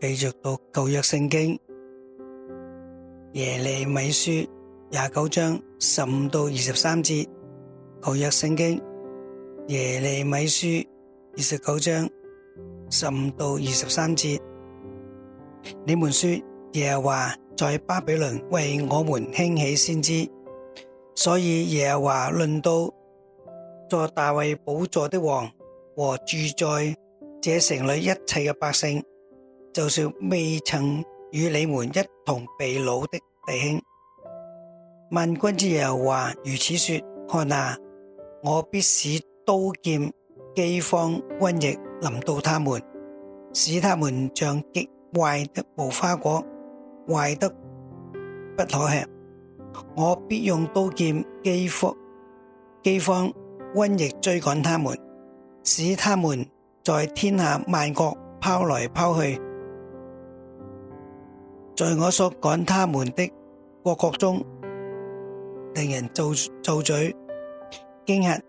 繼續讀舊約聖經耶利米書廿九章十五到二十三節，舊約聖經耶利米書二十九章十五到二十三節。你們說，耶和華在巴比倫為我們興起先知，所以耶和華論到在大衛寶座的王和住在這城裏一切嘅百姓，就是未曾與你們一同被擄的弟兄，萬軍之耶和華如此說：看啊，我必使刀劍、饑荒、瘟疫臨到他們，使他們像極壞的無花果，壞得不可吃。我必用刀劍、饑荒、饑荒、瘟疫追趕他們，使他們在天下萬國拋來拋去。在我所趕他們的國國中，令人造造嘴、驚嚇、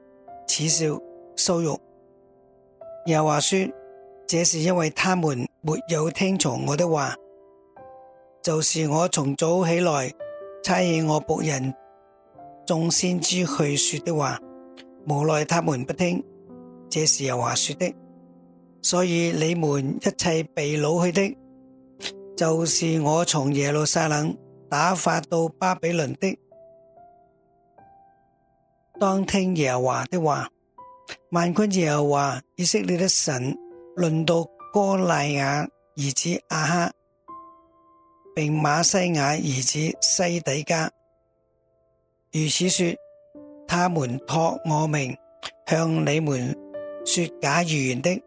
恥笑、羞辱，又話說這是因為他們沒有聽從我的話，就是我從早起來差遣我僕人眾先知去說的話，無奈他們不聽，這是又話說的，所以你們一切被擄去的。就是我從耶路撒冷打發到巴比倫的，當聽耶和華的話。萬軍之耶和華以色列的神，輪到哥賴雅兒子亞哈，並馬西雅兒子西底家。如此說，他們託我命向你們說假預言的，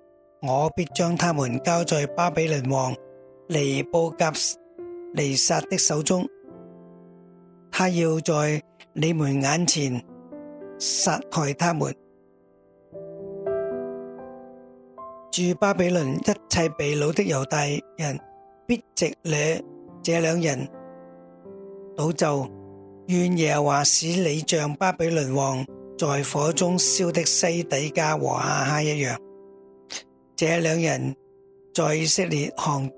我必將他們交在巴比倫王。尼布甲尼撒的手中，他要在你們眼前殺害他們。住巴比倫一切被擄的猶大人，必直惹這兩人賭咒願耶和華，使你像巴比倫王在火中燒的西底家和亞哈一樣。這兩人在以色列行。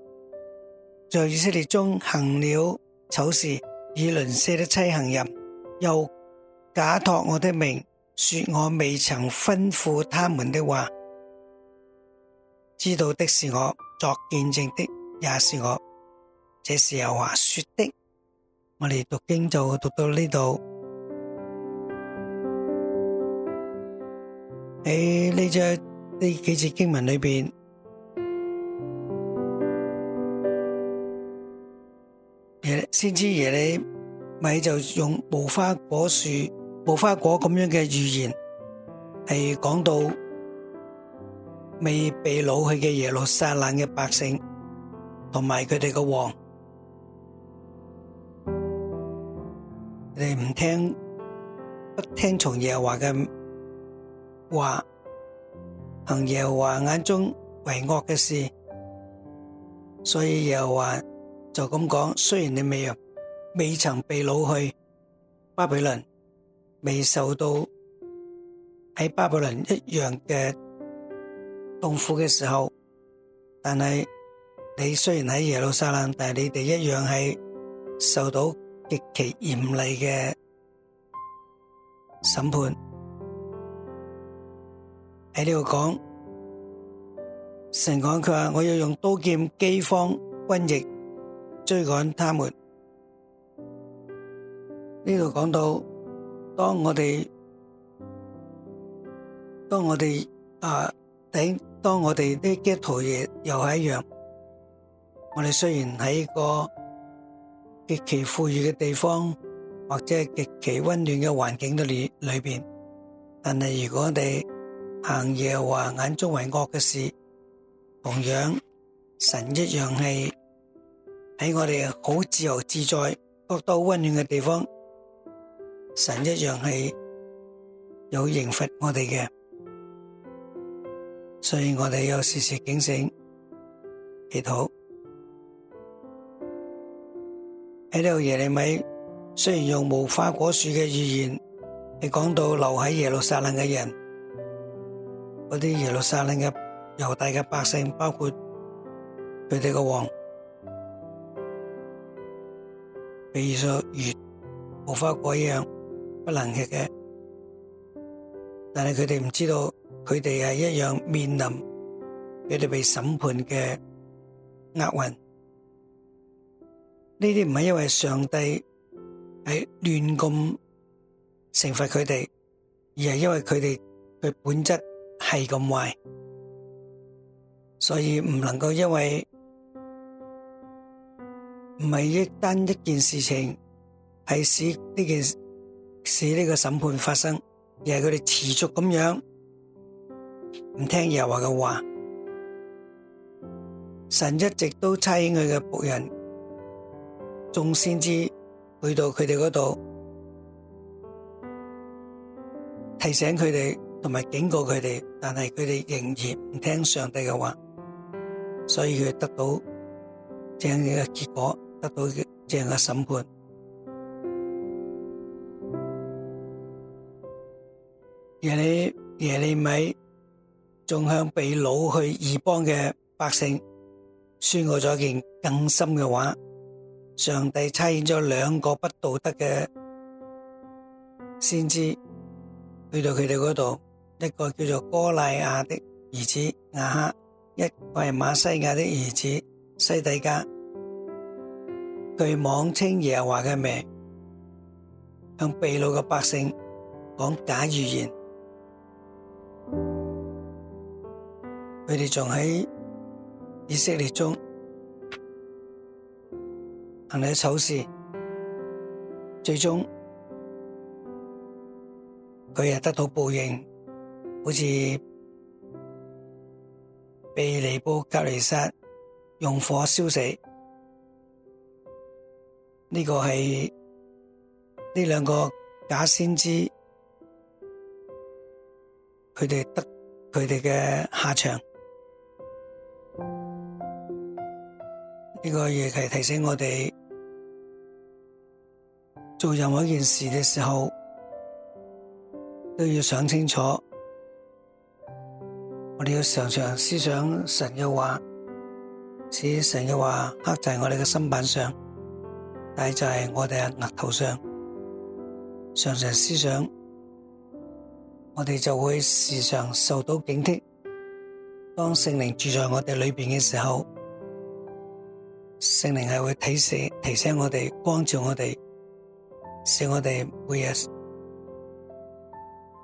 在以色列中行了醜事，以鄰舍的妻行淫，又假託我的名，說我未曾吩咐他們的話。知道的是我，作見證的也是我。這是耶和華說的。我哋讀經就讀到呢度，喺呢只呢幾節經文裏邊。先知耶利米就用無花果樹、無花果咁樣嘅語言，係講到未被擄去嘅耶路撒冷嘅百姓，同埋佢哋嘅王，佢哋唔聽不聽從耶和華嘅話，行耶和華眼中為惡嘅事，所以耶和華。就咁講，雖然你未入，未曾被擄去巴比倫，未受到喺巴比倫一樣嘅痛苦嘅時候，但係你雖然喺耶路撒冷，但係你哋一樣係受到極其嚴厲嘅審判。喺呢度講神講佢話，我要用刀劍、飢荒、瘟疫。追趕他們，呢度講到，當我哋當我哋啊頂，當我哋啲基督徒嘢又係一樣。我哋雖然喺個極其富裕嘅地方，或者係極其溫暖嘅環境度裏裏邊，但係如果我哋行耶和華，眼中為惡嘅事，同樣神一樣係。喺我哋好自由自在、覺得溫暖嘅地方，神一樣係有刑罰我哋嘅，所以我哋要時時警醒祈禱。喺呢個耶利米，雖然用無花果樹嘅預言嚟講到留喺耶路撒冷嘅人，嗰啲耶路撒冷嘅猶大嘅百姓，包括佢哋嘅王。比如說，如無花果一樣不能食嘅，但係佢哋唔知道，佢哋係一樣面臨佢哋被審判嘅厄運。呢啲唔係因為上帝係亂咁懲罰佢哋，而係因為佢哋嘅本質係咁壞，所以唔能夠因為。唔係一單一件事情，係，使呢件事使呢個審判發生，而係佢哋持續咁樣唔聽耶和華嘅話。神一直都差遣佢嘅僕人眾先知去到佢哋嗰度，提醒佢哋同埋警告佢哋，但係佢哋仍然唔聽上帝嘅話，所以佢得到正嘅結果。得到這樣嘅審判，耶利耶利米仲向被擄去異邦嘅百姓宣告咗件更深嘅話，上帝差遣咗兩個不道德嘅先知去到佢哋嗰度，一個叫做哥賴雅的兒子亞哈，一個是馬西亞的兒子西底家。佢妄稱耶華嘅名，向秘魯嘅百姓講假預言，佢哋仲喺以色列中行啲醜事，最終佢又得到報應，好似被尼布甲尼撒用火燒死。呢個係呢兩個假先知，佢哋得佢哋嘅下場。呢個亦係提醒我哋，做任何一件事嘅時候都要想清楚。我哋要常常思想神嘅話，使神嘅話刻在我哋嘅心板上。戴在我哋嘅額頭上常常思想，我哋就會時常受到警惕。當聖靈住在我哋裏邊嘅時候，聖靈係會提示提醒我哋，光照我哋，使我哋每日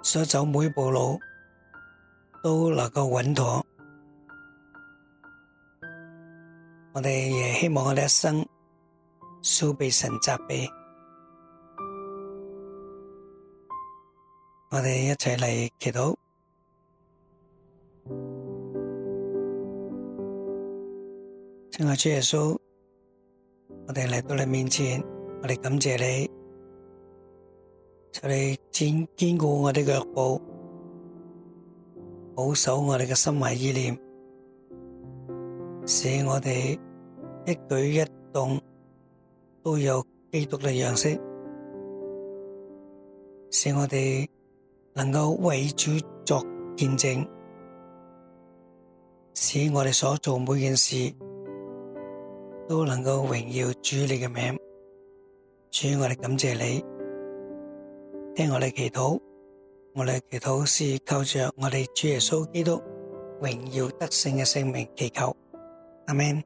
所走每步路都能夠穩妥。我哋也希望我哋一生，蘇被神責備，我哋一齊嚟祈禱。親愛的主耶穌，我哋嚟到你面前，我哋感謝你，求你堅堅固我哋嘅腳步，保守我哋嘅心懷意念，使我哋一舉一動。都有基督嘅樣式，使我哋能夠為主作見證，使我哋所做每件事都能夠榮耀主你嘅名。主，我哋感謝你，聽我哋祈禱，我哋祈禱是靠着我哋主耶穌基督榮耀得勝嘅聖名祈求。阿門。